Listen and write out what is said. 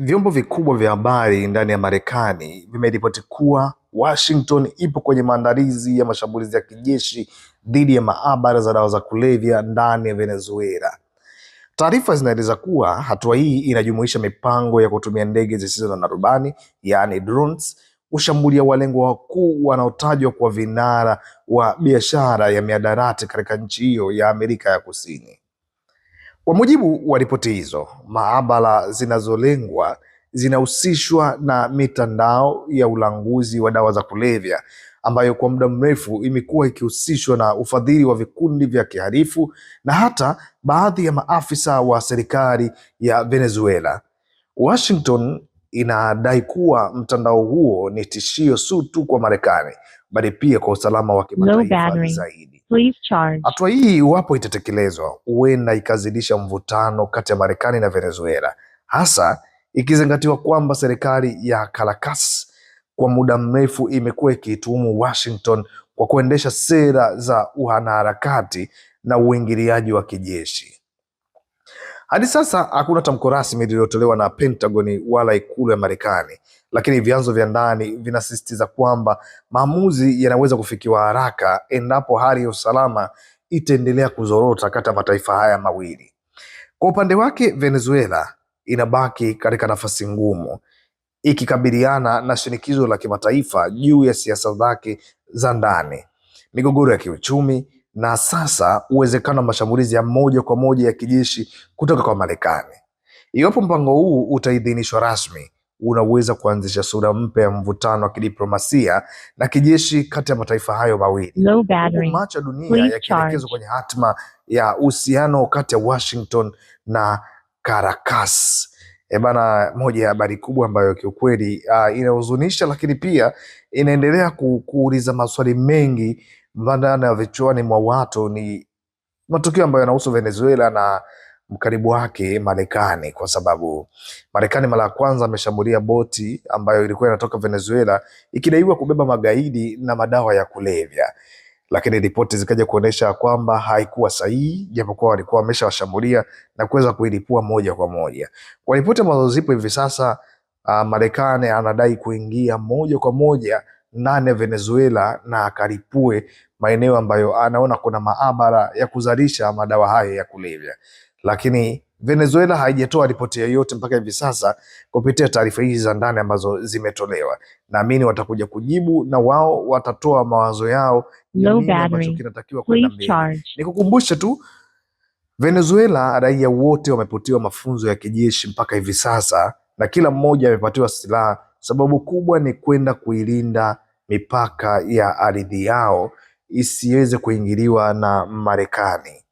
Vyombo vikubwa vya habari ndani ya Marekani vimeripoti kuwa Washington ipo kwenye maandalizi ya mashambulizi ya kijeshi dhidi ya maabara za dawa za kulevya ndani ya Venezuela. Taarifa zinaeleza kuwa hatua hii inajumuisha mipango ya kutumia ndege zisizo na rubani, yaani drones, kushambulia walengwa wakuu wanaotajwa kwa vinara wa biashara ya miadarati katika nchi hiyo ya Amerika ya Kusini. Kwa mujibu wa ripoti hizo, maabara zinazolengwa zinahusishwa na mitandao ya ulanguzi wa dawa za kulevya ambayo kwa muda mrefu imekuwa ikihusishwa na ufadhili wa vikundi vya kihalifu na hata baadhi ya maafisa wa serikali ya Venezuela. Washington inadai kuwa mtandao huo ni tishio si tu kwa Marekani bali pia kwa usalama wa kimataifa zaidi. Hatua hii iwapo itatekelezwa, huenda ikazidisha mvutano kati ya Marekani na Venezuela, hasa ikizingatiwa kwamba serikali ya Caracas kwa muda mrefu imekuwa ikituhumu Washington kwa kuendesha sera za uanaharakati na uingiliaji wa kijeshi. Hadi sasa hakuna tamko rasmi lililotolewa na pentagon wala ikulu ya Marekani, lakini vyanzo vya ndani vinasisitiza kwamba maamuzi yanaweza kufikiwa haraka endapo hali ya usalama itaendelea kuzorota kati ya mataifa haya mawili. Kwa upande wake, Venezuela inabaki katika nafasi ngumu ikikabiliana na shinikizo la kimataifa juu ya siasa zake za ndani, migogoro ya kiuchumi na sasa uwezekano wa mashambulizi ya moja kwa moja ya kijeshi kutoka kwa Marekani. Iwapo mpango huu utaidhinishwa rasmi, unaweza kuanzisha sura mpya ya mvutano wa kidiplomasia na kijeshi kati ya mataifa hayo mawili, macho ya dunia yakielekezwa kwenye hatima ya uhusiano kati ya Washington na Caracas. E bana, moja ya habari kubwa ambayo kiukweli uh, inahuzunisha, lakini pia inaendelea kuuliza maswali mengi ya vichwani mwa watu ni matukio ambayo yanahusu Venezuela na mkaribu wake Marekani, kwa sababu Marekani mara ya kwanza ameshambulia boti ambayo ilikuwa inatoka Venezuela ikidaiwa kubeba magaidi na madawa ya kulevya, lakini ripoti zikaja kuonyesha kwamba haikuwa sahihi, japokuwa walikuwa wameshawashambulia na kuweza kuilipua moja kwa moja. Kwa ripoti ambazo zipo hivi sasa, uh, Marekani anadai kuingia moja kwa moja nane Venezuela na akaripue maeneo ambayo anaona kuna maabara ya kuzalisha madawa hayo ya kulevya, lakini Venezuela haijatoa ripoti yoyote mpaka hivi sasa kupitia taarifa hizi za ndani ambazo zimetolewa. Naamini watakuja kujibu na wao watatoa mawazo yao ya nini ambacho kinatakiwa kwenda mbele. Nikukumbushe tu Venezuela, raia wote wamepatiwa mafunzo ya kijeshi mpaka hivi sasa na kila mmoja amepatiwa silaha Sababu kubwa ni kwenda kuilinda mipaka ya ardhi yao isiweze kuingiliwa na Marekani.